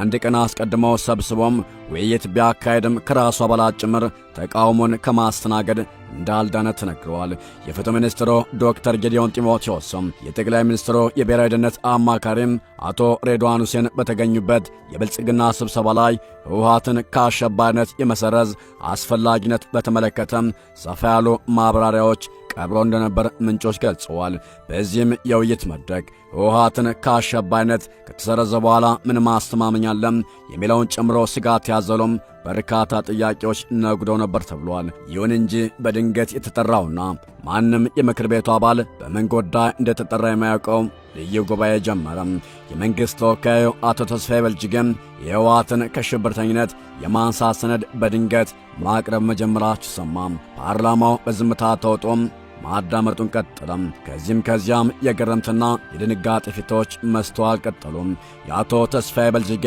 አንድ ቀን አስቀድመው ሰብስቦም ውይይት ቢያካሄድም ከራሱ አባላት ጭምር ተቃውሞን ከማስተናገድ እንዳልዳነ ተነግረዋል። የፍትህ ሚኒስትሩ ዶክተር ጌዲዮን ጢሞቴዎስም የጠቅላይ ሚኒስትሩ የብሔራዊ ደህንነት አማካሪም አቶ ሬድዋን ሁሴን በተገኙበት የብልጽግና ስብሰባ ላይ ህወሓትን ከአሸባሪነት የመሰረዝ አስፈላጊነት በተመለከተም ሰፋ ያሉ ማብራሪያዎች ቀብረው እንደነበር ምንጮች ገልጸዋል። በዚህም የውይይት መድረክ ህወሓትን ከአሸባይነት ከተሰረዘ በኋላ ምን ማስተማመኛ አለም የሚለውን ጨምሮ ስጋት ያዘሉም በርካታ ጥያቄዎች ነጉደው ነበር ተብሏል። ይሁን እንጂ በድንገት የተጠራውና ማንም የምክር ቤቱ አባል በምን ጉዳይ እንደተጠራ የማያውቀው ልዩ ጉባኤ ጀመረም። የመንግሥት ተወካዩ አቶ ተስፋዬ በልጅግም የህወሓትን ከሽብርተኝነት የማንሳት ሰነድ በድንገት ማቅረብ መጀመራቸው ሰማም። ፓርላማው በዝምታ ተውጦም ማዳመጡን ቀጠለም። ከዚህም ከዚያም የገረምትና የድንጋጤ ፊቶች መስተዋል ቀጠሉም። የአቶ ተስፋዬ በልጅጌ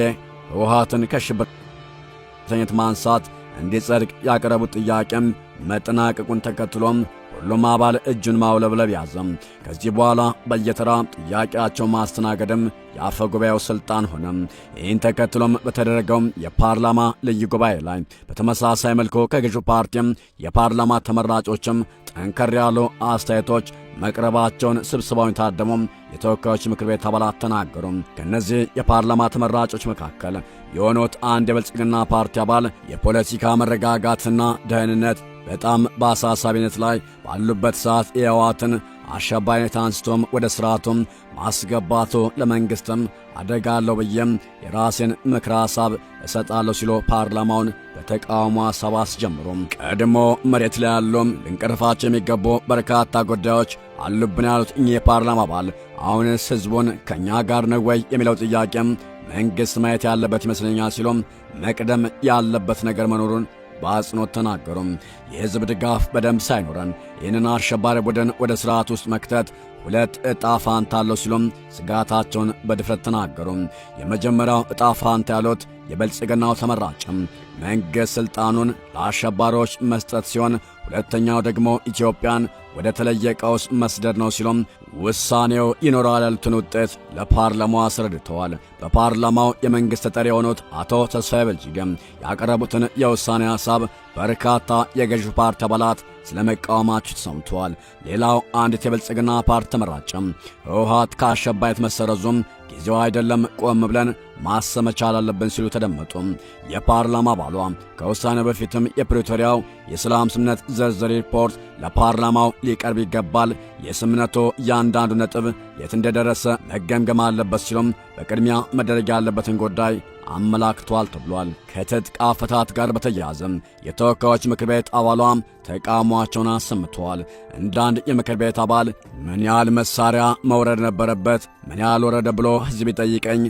ህወሓትን ከሽብርተኝነት ማንሳት እንዲጸድቅ ያቀረቡት ጥያቄም መጠናቀቁን ተከትሎም ሁሉም አባል እጁን ማውለብለብ ያዘም። ከዚህ በኋላ በየተራ ጥያቄያቸው ማስተናገድም የአፈ ጉባኤው ስልጣን ሆነም። ይህን ተከትሎም በተደረገው የፓርላማ ልዩ ጉባኤ ላይ በተመሳሳይ መልኩ ከገዢው ፓርቲም የፓርላማ ተመራጮችም ጠንከር ያሉ አስተያየቶች መቅረባቸውን ስብሰባውን የታደሙ የተወካዮች ምክር ቤት አባላት ተናገሩ። ከእነዚህ የፓርላማ ተመራጮች መካከል የሆኑት አንድ የብልጽግና ፓርቲ አባል የፖለቲካ መረጋጋትና ደህንነት በጣም በአሳሳቢነት ላይ ባሉበት ሰዓት የህወሓትን አሸባሪነት አንስቶም ወደ ሥርዓቱም ማስገባቱ ለመንግሥትም አደጋለሁ ብዬም የራሴን ምክረ ሐሳብ እሰጣለሁ ሲሎ ፓርላማውን በተቃውሞ ሐሳብ አስጀምሩም። ቀድሞ መሬት ላይ ያሉም ልንቀርፋቸው የሚገቡ በርካታ ጉዳዮች አሉብን ያሉት እኚህ የፓርላማ አባል አሁንስ ሕዝቡን ከእኛ ጋር ነው ወይ የሚለው ጥያቄም መንግሥት ማየት ያለበት ይመስለኛል ሲሎም መቅደም ያለበት ነገር መኖሩን በአጽንኦት ተናገሩም። የሕዝብ ድጋፍ በደንብ ሳይኖረን ይህንን አሸባሪ ቡድን ወደ ሥርዓት ውስጥ መክተት ሁለት ዕጣ ፋንታ አለው ሲሉም ስጋታቸውን በድፍረት ተናገሩ። የመጀመሪያው ዕጣ ፋንታ ያሉት የብልጽግናው ተመራጭም መንግሥት ሥልጣኑን ለአሸባሪዎች መስጠት ሲሆን ሁለተኛው ደግሞ ኢትዮጵያን ወደ ተለየ ቀውስ መስደድ ነው ሲሉም ውሳኔው ይኖራል ያሉትን ውጤት ለፓርላማው አስረድተዋል። በፓርላማው የመንግሥት ተጠሪ የሆኑት አቶ ተስፋዬ በልጅጌም ያቀረቡትን የውሳኔ ሐሳብ በርካታ የገዢው ፓርቲ አባላት ስለ መቃወማቸው ተሰምተዋል። ሌላው አንዲት የብልጽግና ፓርቲ ተመራጭም ህወሓት ከአሸባይነት መሰረዙም ጊዜው አይደለም፣ ቆም ብለን ማሰብ መቻል አለብን ሲሉ ተደመጡ። የፓርላማ አባሏ ከውሳኔው በፊትም የፕሪቶሪያው የሰላም ስምነት ዝርዝር ሪፖርት ለፓርላማው ሊቀርብ ይገባል፣ የስምምነቱ ያ እያንዳንዱ ነጥብ የት እንደደረሰ መገምገም አለበት ሲሉም በቅድሚያ መደረግ ያለበትን ጉዳይ አመላክቷል ተብሏል። ከትጥቅ አፈታት ጋር በተያያዘም የተወካዮች ምክር ቤት አባሏ ተቃውሟቸውን አሰምተዋል። እንዳንድ የምክር ቤት አባል ምን ያህል መሳሪያ መውረድ ነበረበት፣ ምን ያህል ወረደ ብሎ ሕዝብ ይጠይቀኝ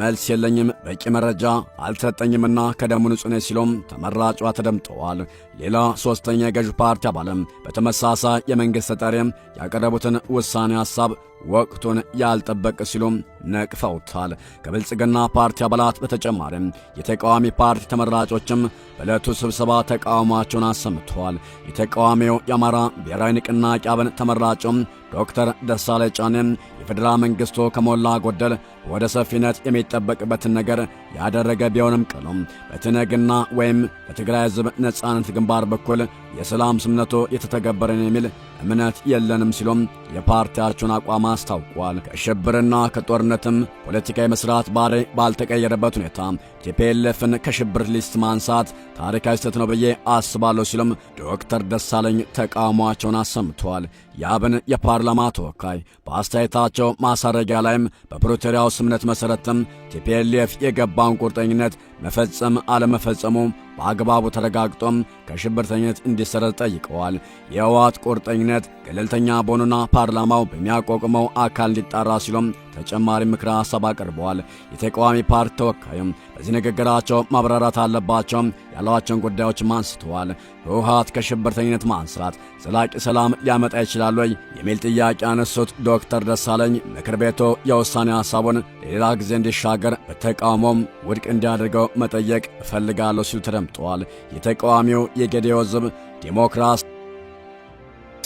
መልስ የለኝም፣ በቂ መረጃ አልተሰጠኝምና ከደሙ ንጹህ ነኝ ሲሉም ተመራጯ ተደምጠዋል። ሌላ ሦስተኛ የገዥ ፓርቲ አባልም በተመሳሳይ የመንግሥት ተጠሪም ያቀረቡትን ውሳኔ ሐሳብ ወቅቱን ያልጠበቅ ሲሉም ነቅፈውታል። ከብልጽግና ፓርቲ አባላት በተጨማሪም የተቃዋሚ ፓርቲ ተመራጮችም በዕለቱ ስብሰባ ተቃውሟቸውን አሰምተዋል። የተቃዋሚው የአማራ ብሔራዊ ንቅናቄ አብን ተመራጮም ዶክተር ደሳሌ ጫኔ የፌዴራል መንግሥቱ ከሞላ ጎደል ወደ ሰፊነት የሚጠበቅበትን ነገር ያደረገ ቢሆንም ቀሎም በትነግና ወይም በትግራይ ሕዝብ ነጻነት ግንባር በኩል የሰላም ስምነቱ የተተገበረን የሚል እምነት የለንም ሲሉም የፓርቲያቸውን አቋም አስታውቋል። ከሽብርና ከጦርነትም ፖለቲካዊ መስራት ባሪ ባልተቀየረበት ሁኔታ ቲፒኤልኤፍን ከሽብር ሊስት ማንሳት ታሪካዊ ስህተት ነው ብዬ አስባለሁ ሲሉም ዶክተር ደሳለኝ ተቃውሟቸውን አሰምተዋል። የአብን የፓ የፓርላማ ተወካይ በአስተያየታቸው ማሳረጊያ ላይም በፕሪቶሪያው ስምነት መሠረትም ቲፒኤልኤፍ የገባውን ቁርጠኝነት መፈጸም አለመፈጸሙ በአግባቡ ተረጋግጦም ከሽብርተኝነት እንዲሰረዝ ጠይቀዋል። የህወሓት ቁርጠኝነት ገለልተኛ በሆኑና ፓርላማው በሚያቋቁመው አካል እንዲጣራ ሲሉም ተጨማሪ ምክረ ሀሳብ አቅርበዋል። የተቃዋሚ ፓርቲ ተወካይም በዚህ ንግግራቸው ማብራራት አለባቸውም ያሏቸውን ጉዳዮችም አንስተዋል። ህወሓት ከሽብርተኝነት ማንስራት ዘላቂ ሰላም ሊያመጣ ይችላል ወይ የሚል ጥያቄ ያነሱት ዶክተር ደሳለኝ ምክር ቤቱ የውሳኔ ሀሳቡን ለሌላ ጊዜ እንዲሻገር በተቃውሞም ውድቅ እንዲያደርገው መጠየቅ እፈልጋለሁ ሲሉ ተደምጠዋል። የተቃዋሚው የጌዴዮ ሕዝብ ዲሞክራሲ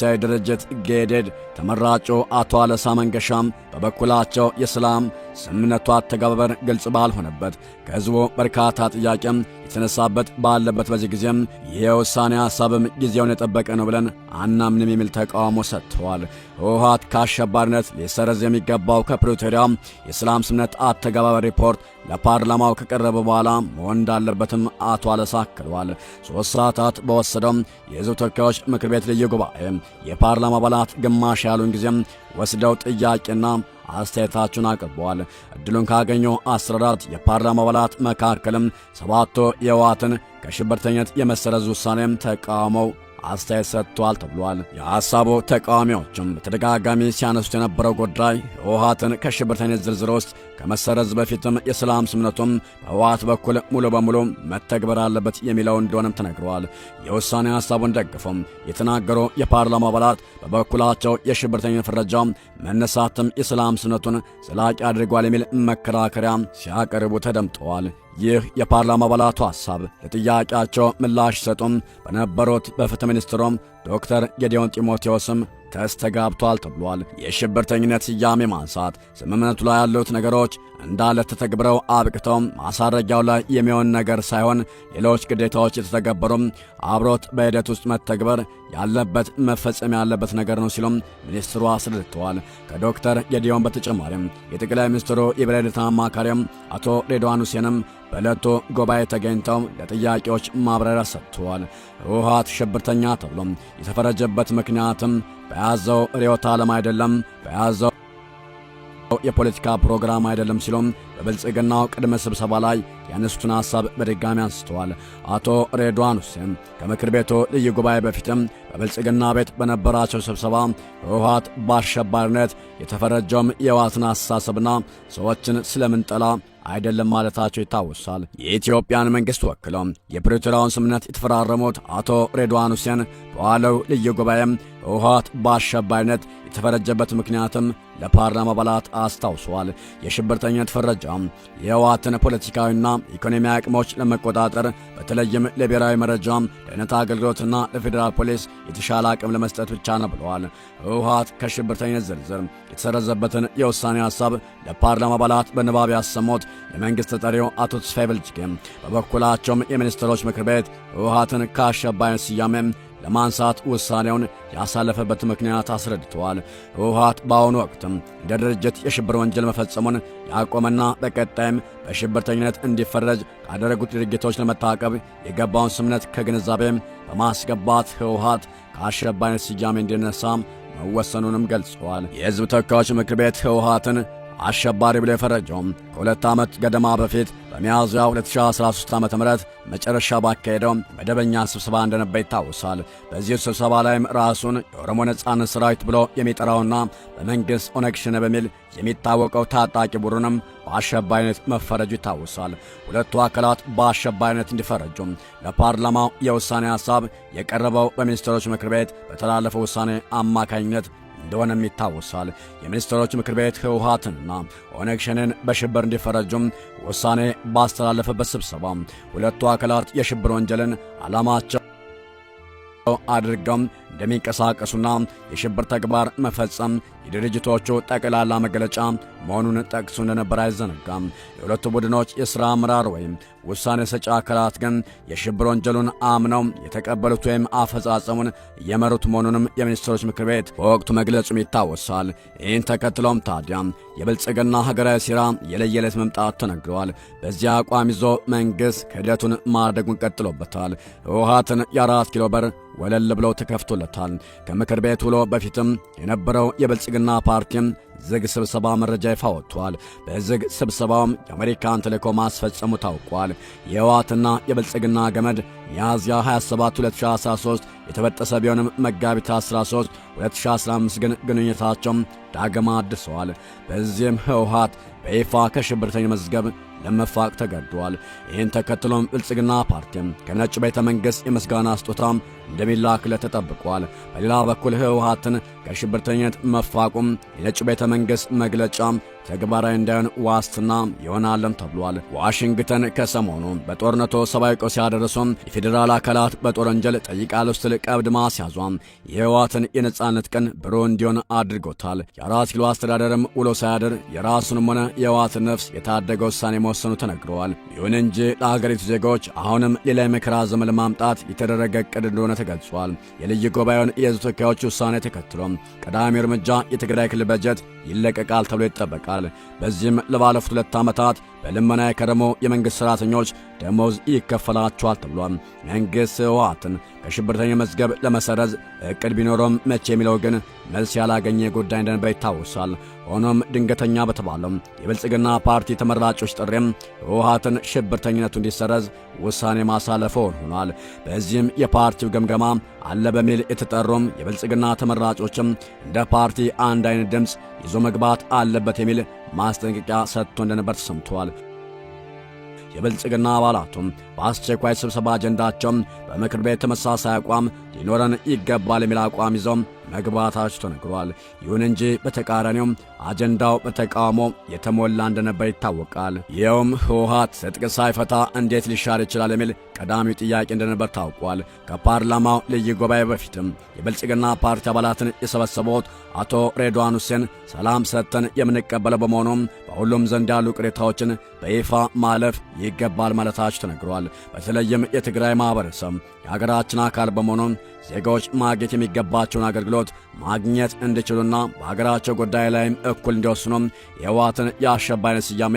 ሳይ ድርጅት ጌዴድ ተመራጩ አቶ አለሳ መንገሻም በበኩላቸው የሰላም ስምምነቱ አተገባበር ግልጽ ባልሆነበት ከህዝቡ በርካታ ጥያቄም የተነሳበት ባለበት በዚህ ጊዜም የውሳኔ ሐሳብም ጊዜውን የጠበቀ ነው ብለን አናምንም የሚል ተቃውሞ ሰጥተዋል። ህወሓት ከአሸባሪነት ሊሰረዝ የሚገባው ከፕሪቶሪያ የሰላም ስምምነት አተገባበር ሪፖርት ለፓርላማው ከቀረበ በኋላ መሆን እንዳለበትም አቶ አለሳ አክለዋል። ሦስት ሰዓታት በወሰደው የሕዝብ ተወካዮች ምክር ቤት ልዩ ጉባኤ የፓርላማ አባላት ግማሽ ያሉን ጊዜም ወስደው ጥያቄና አስተያየታቸውን አቅርበዋል። እድሉን ካገኙ 14 የፓርላማ አባላት መካከልም ሰባቱ የህወሓትን ከሽብርተኝነት የመሰረዝ ውሳኔም ተቃውመው አስተያየት ሰጥቷል ተብሏል። የሐሳቡ ተቃዋሚዎችም በተደጋጋሚ ሲያነሱት የነበረው ጉዳይ ህወሓትን ከሽብርተኝነት ዝርዝር ውስጥ ከመሰረዝ በፊትም የሰላም ስምነቱም በህወሓት በኩል ሙሉ በሙሉ መተግበር አለበት የሚለው እንደሆነም ተነግረዋል። የውሳኔ ሐሳቡን ደግፎም የተናገሩ የፓርላማ አባላት በበኩላቸው የሽብርተኝነት ፍረጃ መነሳትም ኢስላም ስነቱን ዘላቂ አድርጓል የሚል መከራከሪያ ሲያቀርቡ ተደምጠዋል። ይህ የፓርላማ አባላቱ ሐሳብ ለጥያቄያቸው ምላሽ ሰጡም በነበሩት በፍትህ ሚኒስትሩም ዶክተር ጌዲዮን ጢሞቴዎስም ተስተጋብቷል ተብሏል። የሽብርተኝነት ስያሜ ማንሳት ስምምነቱ ላይ ያሉት ነገሮች እንዳለ ተተግብረው አብቅተው ማሳረጊያው ላይ የሚሆን ነገር ሳይሆን ሌሎች ግዴታዎች የተተገበሩም አብሮት በሂደት ውስጥ መተግበር ያለበት መፈጸም ያለበት ነገር ነው ሲሉም ሚኒስትሩ አስረድተዋል። ከዶክተር ጌዲዮን በተጨማሪም የጠቅላይ ሚኒስትሩ የበላይ አማካሪም አቶ ሬድዋን ሁሴንም በዕለቱ ጉባኤ ተገኝተው ለጥያቄዎች ማብራሪያ ሰጥተዋል። ህወሓት ሽብርተኛ ተብሎ የተፈረጀበት ምክንያትም በያዘው ርዕዮተ ዓለም አይደለም፣ በያዘው የፖለቲካ ፕሮግራም አይደለም ሲሉም በብልጽግናው ቅድመ ስብሰባ ላይ ያነሱትን ሐሳብ በድጋሚ አንስተዋል። አቶ ሬድዋን ሁሴን ከምክር ቤቱ ልዩ ጉባኤ በፊትም በብልጽግና ቤት በነበራቸው ስብሰባ ህወሓት በአሸባሪነት የተፈረጀውም የዋትን አስተሳሰብና ሰዎችን ስለምንጠላ አይደለም ማለታቸው ይታወሳል። የኢትዮጵያን መንግሥት ወክለው የፕሪቶሪያውን ስምነት የተፈራረሙት አቶ ሬድዋን ሁሴን በዋለው ልዩ ጉባኤም ህወሓት በአሸባሪነት የተፈረጀበት ምክንያትም ለፓርላማ አባላት አስታውሰዋል። የሽብርተኝነት ፍረጃ የህወሓትን ፖለቲካዊና ኢኮኖሚ አቅሞች ለመቆጣጠር በተለይም ለብሔራዊ መረጃ ደህንነት አገልግሎትና ለፌዴራል ፖሊስ የተሻለ አቅም ለመስጠት ብቻ ነው ብለዋል። ህወሀት ከሽብርተኝነት ዝርዝር የተሰረዘበትን የውሳኔ ሀሳብ ለፓርላማ አባላት በንባብ ያሰሙት የመንግስት ተጠሪው አቶ ተስፋይ በልጅጌ በበኩላቸውም የሚኒስትሮች ምክር ቤት ህወሀትን ከአሸባይነት ስያሜ ለማንሳት ውሳኔውን ያሳለፈበት ምክንያት አስረድተዋል። ህወሓት በአሁኑ ወቅትም እንደ ድርጅት የሽብር ወንጀል መፈጸሙን ያቆመና በቀጣይም በሽብርተኝነት እንዲፈረጅ ካደረጉት ድርጊቶች ለመታቀብ የገባውን ስምነት ከግንዛቤም በማስገባት ህወሓት ከአሸባይነት ስያሜ እንዲነሳ መወሰኑንም ገልጸዋል። የሕዝብ ተወካዮች ምክር ቤት ህወሓትን አሸባሪ ብሎ የፈረጀውም ከሁለት ዓመት ገደማ በፊት በሚያዝያ 2013 ዓ ም መጨረሻ ባካሄደው መደበኛ ስብሰባ እንደነበር ይታወሳል። በዚህ ስብሰባ ላይም ራሱን የኦሮሞ ነጻነት ሠራዊት ብሎ የሚጠራውና በመንግሥት ኦነግ ሸኔ በሚል የሚታወቀው ታጣቂ ቡድንም በአሸባሪነት መፈረጁ ይታወሳል። ሁለቱ አካላት በአሸባሪነት እንዲፈረጁ ለፓርላማው የውሳኔ ሐሳብ የቀረበው በሚኒስትሮች ምክር ቤት በተላለፈው ውሳኔ አማካኝነት እንደሆነም ይታወሳል። የሚኒስትሮች ምክር ቤት ህውሃትንና ኦነግ ሸኔን በሽብር እንዲፈረጁም ውሳኔ ባስተላለፈበት ስብሰባ ሁለቱ አካላት የሽብር ወንጀልን ዓላማቸው አድርገው እንደሚንቀሳቀሱና የሽብር ተግባር መፈጸም የድርጅቶቹ ጠቅላላ መግለጫ መሆኑን ጠቅሶ እንደነበር አይዘነጋም። የሁለቱ ቡድኖች የሥራ አመራር ወይም ውሳኔ ሰጪ አካላት ግን የሽብር ወንጀሉን አምነው የተቀበሉት ወይም አፈጻጸሙን እየመሩት መሆኑንም የሚኒስትሮች ምክር ቤት በወቅቱ መግለጹም ይታወሳል። ይህን ተከትሎም ታዲያ የብልጽግና ሀገራዊ ሴራ የለየለት መምጣት ተነግረዋል። በዚህ አቋም ይዞ መንግሥት ክህደቱን ማድረጉን ቀጥሎበታል። ህወሓትን የአራት ኪሎ በር ወለል ብለው ተከፍቶል ተደርጎለታል። ከምክር ቤት ውሎ በፊትም የነበረው የብልጽግና ፓርቲም ዝግ ስብሰባ መረጃ ይፋ ወጥቷል። በዝግ ስብሰባውም የአሜሪካን ቴሌኮም ማስፈጸሙ ታውቋል። የህወሓትና የብልጽግና ገመድ ሚያዝያ 27 2013 የተበጠሰ ቢሆንም መጋቢት 13 2015 ግን ግንኙነታቸውም ዳግማ አድሰዋል። በዚህም ህወሓት በይፋ ከሽብርተኝ መዝገብ ለመፋቅ ተገዷል ይህን ተከትሎም ብልጽግና ፓርቲም ከነጭ ቤተ መንግሥት የምስጋና ስጦታም እንደሚላክለት ተጠብቋል። በሌላ በኩል ህወሓትን ከሽብርተኝነት መፋቁም የነጭ ቤተ መንግሥት መግለጫም ተግባራዊ እንዳይሆን ዋስትና ይሆናለም ተብሏል። ዋሽንግተን ከሰሞኑ በጦርነቱ ሰብአዊ ቀውስ ያደረሰው የፌዴራል አካላት በጦር ወንጀል ጠይቃለሁ ስትል ቀብድ ማስያዟም የህወሓትን የነጻነት ቀን ብሩህ እንዲሆን አድርጎታል። የአራት ኪሎ አስተዳደርም ውሎ ሳያድር የራሱንም ሆነ የህወሓትን ነፍስ የታደገ ውሳኔ መወሰኑ ተነግረዋል። ይሁን እንጂ ለሀገሪቱ ዜጋዎች አሁንም ሌላ የመከራ ዘመን ለማምጣት የተደረገ እቅድ እንደሆነ ተገልጿል። የልዩ ጉባኤውን የህዝብ ተወካዮች ውሳኔ ተከትሎ ቀዳሚ እርምጃ የትግራይ ክልል በጀት ይለቀቃል ተብሎ ይጠበቃል። ይጠይቃል። በዚህም ለባለፉት ሁለት ዓመታት በልመና የከረሙ የመንግሥት ሠራተኞች ደሞዝ ይከፈላቸዋል ተብሏል። መንግሥት ህወሓትን ከሽብርተኛ መዝገብ ለመሰረዝ እቅድ ቢኖረውም መቼ የሚለው ግን መልስ ያላገኘ ጉዳይ እንደነበረ ይታወሳል። ሆኖም ድንገተኛ በተባለው የብልጽግና ፓርቲ ተመራጮች ጥሪም ህወሓትን ሽብርተኝነቱ እንዲሰረዝ ውሳኔ ማሳለፈ ሆኗል። በዚህም የፓርቲው ገምገማ አለ በሚል የተጠሩም የብልጽግና ተመራጮችም እንደ ፓርቲ አንድ አይነት ድምፅ ይዞ መግባት አለበት የሚል ማስጠንቀቂያ ሰጥቶ እንደነበር ተሰምቷል። የብልጽግና አባላቱም በአስቸኳይ ስብሰባ አጀንዳቸውም በምክር ቤት ተመሳሳይ አቋም ሊኖረን ይገባል የሚል አቋም ይዘው መግባታቸው ተነግሯል። ይሁን እንጂ በተቃራኒውም አጀንዳው በተቃውሞ የተሞላ እንደነበር ይታወቃል። ይኸውም ህወሀት ትጥቅ ሳይፈታ እንዴት ሊሻር ይችላል የሚል ቀዳሚው ጥያቄ እንደነበር ታውቋል። ከፓርላማው ልዩ ጉባኤ በፊትም የብልጽግና ፓርቲ አባላትን የሰበሰቡት አቶ ሬድዋን ሁሴን ሰላም ሰጥተን የምንቀበለው በመሆኑም በሁሉም ዘንድ ያሉ ቅሬታዎችን በይፋ ማለፍ ይገባል ማለታቸው ተነግሯል። በተለይም የትግራይ ማህበረሰብ የሀገራችን አካል በመሆኑም ዜጋዎች ማግኘት የሚገባቸውን አገልግሎት ማግኘት እንዲችሉና በሀገራቸው ጉዳይ ላይም እኩል እንዲወስኑም የህወሓትን የአሸባሪነት ስያሜ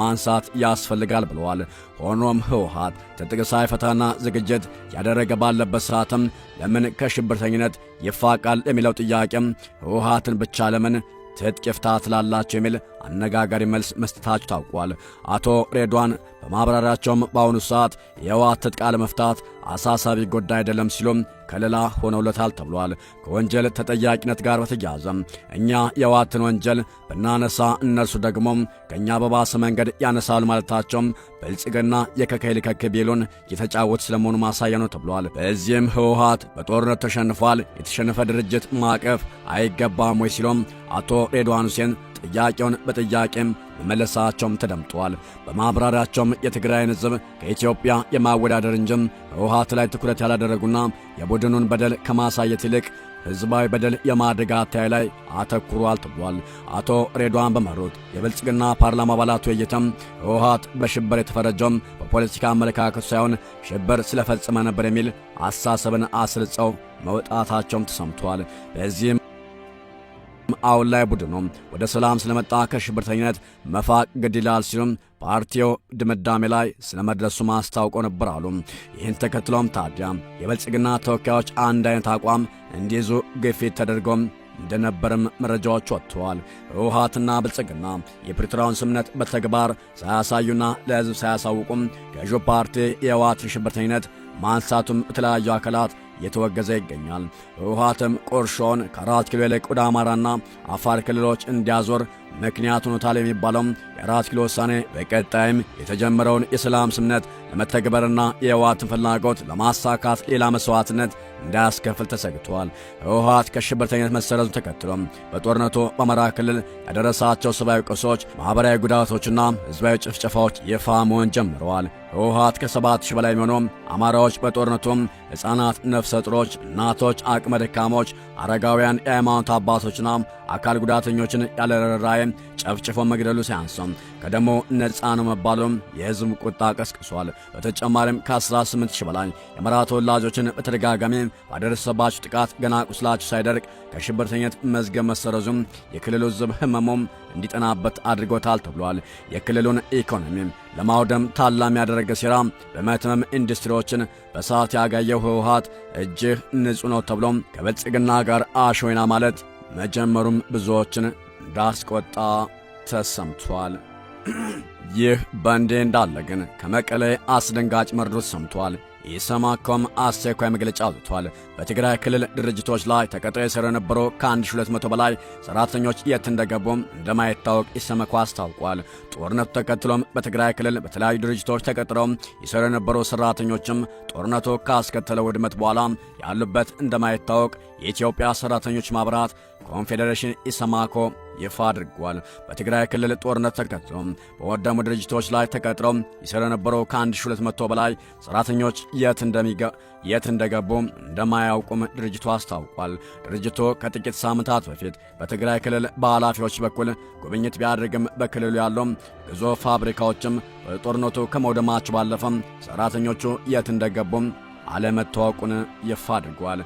ማንሳት ያስፈልጋል ብለዋል። ሆኖም ህወሓት ትጥቅ ሳይፈታና ዝግጅት ያደረገ ባለበት ሰዓትም ለምን ከሽብርተኝነት ይፋቃል የሚለው ጥያቄም ህወሓትን ብቻ ለምን ትጥቅ ይፍታ ትላላቸው የሚል አነጋጋሪ መልስ መስጠታቸው ታውቋል። አቶ ሬድዋን በማብራሪያቸውም በአሁኑ ሰዓት የህወሓት ትጥቅ አለመፍታት አሳሳቢ ጉዳይ አይደለም ሲሉም ከሌላ ሆነውለታል ተብሏል። ከወንጀል ተጠያቂነት ጋር በተያያዘም እኛ የህወሓትን ወንጀል ብናነሳ እነርሱ ደግሞ ከእኛ በባሰ መንገድ ያነሳሉ ማለታቸውም ብልጽግና የከከይል ከክ ቢሉን የተጫወት ስለመሆኑ ማሳያ ነው ተብሏል። በዚህም ህወሓት በጦርነት ተሸንፏል፣ የተሸነፈ ድርጅት ማዕቀፍ አይገባም ወይ ሲሎም አቶ ሬድዋን ሁሴን ጥያቄውን በጥያቄም መመለሳቸውም ተደምጧል። በማብራሪያቸውም የትግራይን ሕዝብ ከኢትዮጵያ የማወዳደር እንጂም ህወሓት ላይ ትኩረት ያላደረጉና የቡድኑን በደል ከማሳየት ይልቅ ህዝባዊ በደል የማድረግ አታይ ላይ አተኩሯል ተብሏል። አቶ ሬድዋን በመሩት የብልጽግና ፓርላማ አባላት ውይይትም ህወሓት በሽብር የተፈረጀውም በፖለቲካ አመለካከቱ ሳይሆን ሽብር ስለፈጸመ ነበር የሚል አሳሰብን አስልጸው መውጣታቸውም ተሰምቷል። በዚህም አሁን ላይ ቡድኑ ወደ ሰላም ስለመጣ ከሽብርተኝነት መፋቅ ግድ ይላል ሲሉም ፓርቲው ድምዳሜ ላይ ስለ መድረሱ ማስታውቆ ነበር አሉ። ይህን ተከትሎም ታዲያ የብልጽግና ተወካዮች አንድ አይነት አቋም እንዲይዙ ግፊት ተደርጎም እንደነበርም መረጃዎች ወጥተዋል። ህወሓትና ብልጽግና የፕሪቶሪያውን ስምነት በተግባር ሳያሳዩና ለህዝብ ሳያሳውቁም ገዢው ፓርቲ የህወሓትን ሽብርተኝነት ማንሳቱም የተለያዩ አካላት እየተወገዘ ይገኛል። ህወሓትም ቆርሾን ከአራት ኪሎ ይልቅ ወደ አማራና አፋር ክልሎች እንዲያዞር ምክንያት ሆኖታል የሚባለው የአራት ኪሎ ውሳኔ በቀጣይም የተጀመረውን የሰላም ስምነት ለመተግበርና የህወሓትን ፍላጎት ለማሳካት ሌላ መስዋዕትነት እንዳያስከፍል ተሰግቷል። ህወሓት ከሽብርተኝነት መሰረዙ ተከትሎም በጦርነቱ በአማራ ክልል ያደረሳቸው ሰብአዊ ቀውሶች፣ ማኅበራዊ ጉዳቶችና ህዝባዊ ጭፍጨፋዎች ይፋ መሆን ጀምረዋል። ህወሓት ከሰባት ሺህ በላይ የሚሆኑ አማራዎች በጦርነቱም ሕፃናት፣ ነፍሰ ጥሮች፣ እናቶች፣ አቅመ ደካሞች፣ አረጋውያን፣ የሃይማኖት አባቶችና አካል ጉዳተኞችን ያለርኅራኄ ጨፍጭፎ መግደሉ ሳያንስም ከደሞ ነፃ ነው መባሉም የሕዝብ ቁጣ ቀስቅሷል። በተጨማሪም ከ18 ሺህ በላይ የመራ ተወላጆችን በተደጋጋሚ ባደረሰባቸው ጥቃት ገና ቁስላቸው ሳይደርቅ ከሽብርተኝነት መዝገብ መሰረዙም የክልሉ ሕዝብ ህመሙም እንዲጠናበት አድርጎታል ተብሏል። የክልሉን ኢኮኖሚ ለማውደም ታላም ያደረገ ሴራ በመትመም ኢንዱስትሪዎችን በሰዓት ያጋየው ህወሓት እጅህ ንጹሕ ነው ተብሎም ከብልጽግና ጋር አሾይና ማለት መጀመሩም ብዙዎችን እንዳስቆጣ ተሰምቷል። ይህ በእንዴ እንዳለ ግን ከመቀሌ አስደንጋጭ መርዶ ሰምቷል። ኢሰማኮም አስቸኳይ መግለጫ አውጥቷል። በትግራይ ክልል ድርጅቶች ላይ ተቀጥሮ የሰሩ የነበሩ ከ1200 በላይ ሰራተኞች የት እንደገቡም እንደማይታወቅ ኢሰመኮ አስታውቋል። ጦርነቱ ተከትሎም በትግራይ ክልል በተለያዩ ድርጅቶች ተቀጥረው የሰሩ የነበሩ ሰራተኞችም ጦርነቱ ካስከተለ ውድመት በኋላ ያሉበት እንደማይታወቅ የኢትዮጵያ ሰራተኞች ማብራት ኮንፌዴሬሽን ኢሰማኮ ይፋ አድርጓል። በትግራይ ክልል ጦርነት ተከትሎ በወደሙ ድርጅቶች ላይ ተቀጥሮ ይሰሩ የነበረው ከ1200 በላይ ሰራተኞች የት እንደገቡ እንደማያውቁም ድርጅቱ አስታውቋል። ድርጅቱ ከጥቂት ሳምንታት በፊት በትግራይ ክልል በኃላፊዎች በኩል ጉብኝት ቢያደርግም በክልሉ ያሉ ብዙ ፋብሪካዎችም በጦርነቱ ከመውደማቸው ባለፈም ሰራተኞቹ የት እንደገቡም አለመታወቁን ይፋ አድርጓል።